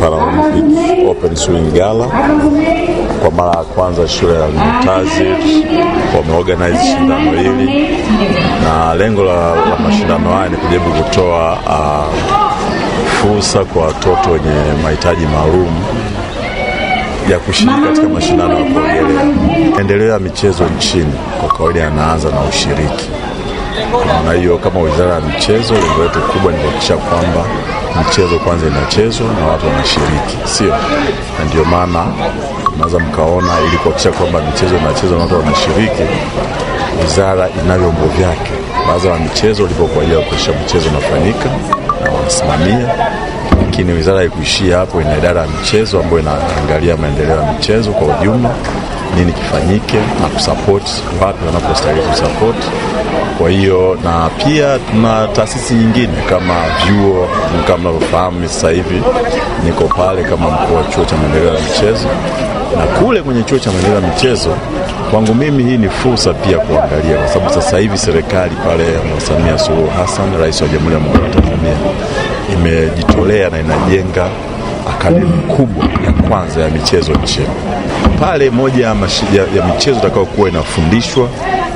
Paralympic Open Swing Gala. Kwa mara ya kwanza shule ya Mtazi wameorganize shindano hili, na lengo la, la mashindano haya ni kujaribu kutoa uh, fursa kwa watoto wenye mahitaji maalum ya kushiriki katika mashindano ya kuogelea. Maendeleo ya michezo nchini kwa kawaida yanaanza na ushiriki, na hiyo kama wizara ya michezo, lengo letu kubwa ni kuhakikisha kwamba mchezo kwanza inachezwa na watu wanashiriki, sio? Na ndio maana naweza mkaona, ili kuhakikisha kwamba michezo inachezwa na watu wanashiriki, wizara ina vyombo vyake. Baraza la michezo lipokwalia kuhakikisha mchezo unafanyika na wanasimamia, lakini wizara haikuishia hapo, ina idara ya michezo ambayo inaangalia maendeleo ya michezo kwa ujumla nini kifanyike na kusapoti wapi wanapostahili kusapoti. Kwa hiyo na pia tuna taasisi nyingine kama vyuo, kama mnavyofahamu sasa hivi niko pale kama mkuu wa chuo cha maendeleo ya michezo, na kule kwenye chuo cha maendeleo ya michezo kwangu mimi hii ni fursa pia kuangalia, kwa sababu sasa hivi serikali pale ya Samia Suluhu Hassan, rais wa Jamhuri ya Muungano wa Tanzania, imejitolea na inajenga akademi kubwa ya kwanza ya michezo nchini. Pale moja ya, ya michezo itakayokuwa inafundishwa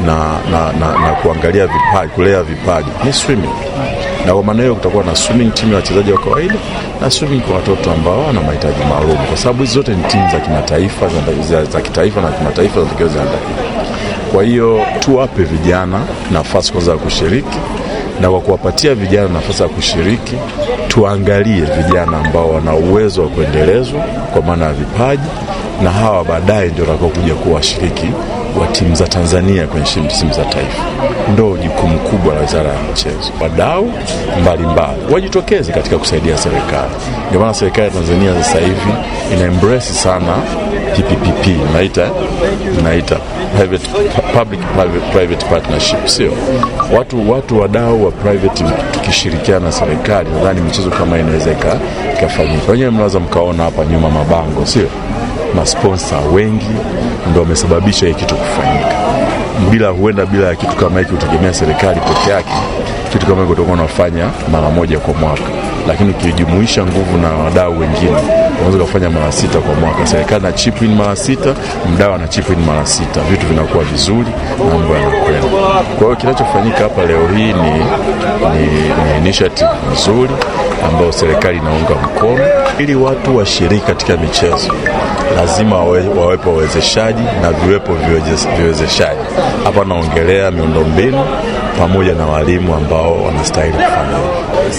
na, na, na, na kuangalia vipaji, kulea vipaji ni swimming, na kwa maana hiyo kutakuwa na swimming team ya wachezaji wa kawaida na swimming kwa watoto ambao wana mahitaji maalum, kwa sababu hizi zote ni timu za kimataifa za kitaifa na kimataifa zinatakiwa ziandaliwe. Kwa hiyo tuwape vijana nafasi kwanza ya kushiriki na kwa kuwapatia vijana nafasi ya kushiriki, tuangalie vijana ambao wana uwezo wa kuendelezwa kwa maana ya vipaji na hawa baadaye ndio watakaokuja kuwa washiriki wa timu za Tanzania kwenye timu za taifa. Ndo jukumu kubwa la Wizara ya Michezo. Wadau mbalimbali wajitokeze katika kusaidia serikali. Ndio maana serikali ya Tanzania sasa hivi ina embrace sana PPP, naita naita private public private, private partnership, sio watu watu wadau wa private tukishirikiana na serikali, nadhani michezo kama inaweza ikafanyika. Wenyewe mnaweza mkaona hapa nyuma mabango, sio masponsa wengi ndio wamesababisha hii kitu kufanyika. Bila huenda bila ya kitu kama hiki utegemea serikali peke yake kitu kama hiki utakuwa unafanya mara moja kwa mwaka, lakini ukijumuisha nguvu na wadau wengine unaweza kufanya mara sita kwa mwaka. Serikali na chip in mara sita, mdau na chip in mara sita, vitu vinakuwa vizuri na mambo yanakwenda. Kwa hiyo kinachofanyika hapa leo hii ni, ni, ni initiative nzuri ambayo serikali inaunga mkono, ili watu washiriki katika michezo lazima wawepo wawezeshaji na viwepo viwezeshaji. Hapa naongelea miundombinu pamoja na walimu ambao wanastahili kufanya hivyo.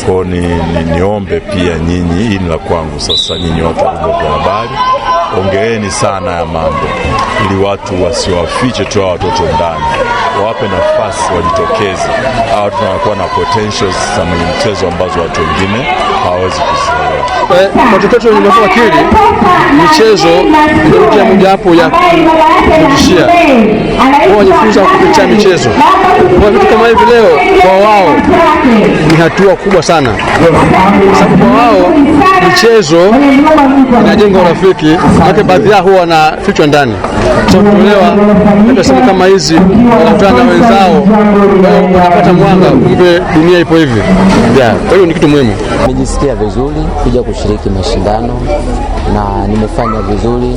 Kwao ni, ni, niombe pia nyinyi, hii ni la kwangu sasa, nyinyi watu wa habari ongeeni sana ya mambo, ili watu wasiwafiche tu hawa watoto ndani, wawape nafasi wajitokeze. Hawa tunakuwa na potentials za mwenye mchezo ambazo watu wengine hawawezi kuzielewa. Eh, watoto wenye ulemavu akili, michezo inarukia mojawapo ya kufundishia kwa wajifunza kupitia michezo, kwa vitu kama hivi leo kwa wao ni hatua kubwa sana, kwa sababu kwa wao michezo inajenga urafiki maana baadhi yao huwa fichwa ndani kutolewa katika sehemu kama hizi, wanakutana na wenzao, wanapata mwanga, kumbe dunia ipo hivi. Kwa hiyo ni kitu muhimu. Nimejisikia vizuri kuja kushiriki mashindano na nimefanya vizuri,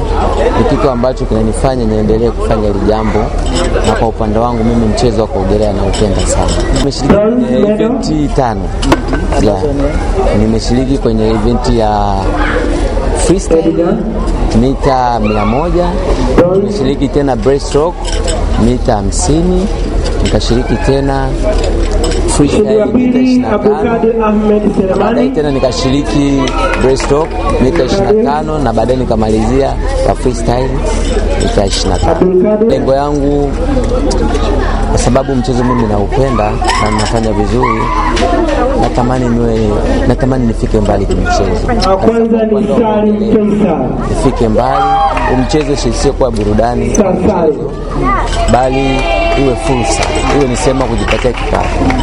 ni kitu ambacho kinanifanya niendelee kufanya hili jambo, na kwa upande wangu mimi mchezo wa kuogelea naupenda sana. Nimeshiriki kwenye eventi tano, nimeshiriki kwenye eventi ya freestyle mita moja Tulishiriki tena breaststroke mita hamsini nikashiriki tena baadaye tena nikashiriki breaststroke mita 25 na baadaye nikamalizia kwa freestyle mita tano Lengo yangu sababu mchezo mimi naupenda na nafanya vizuri, natamani niwe, natamani nifike mbali kimchezo, nifike mbali umchezo sio kwa burudani mchezo, bali iwe fursa, iwe nisema kujipatia kipato.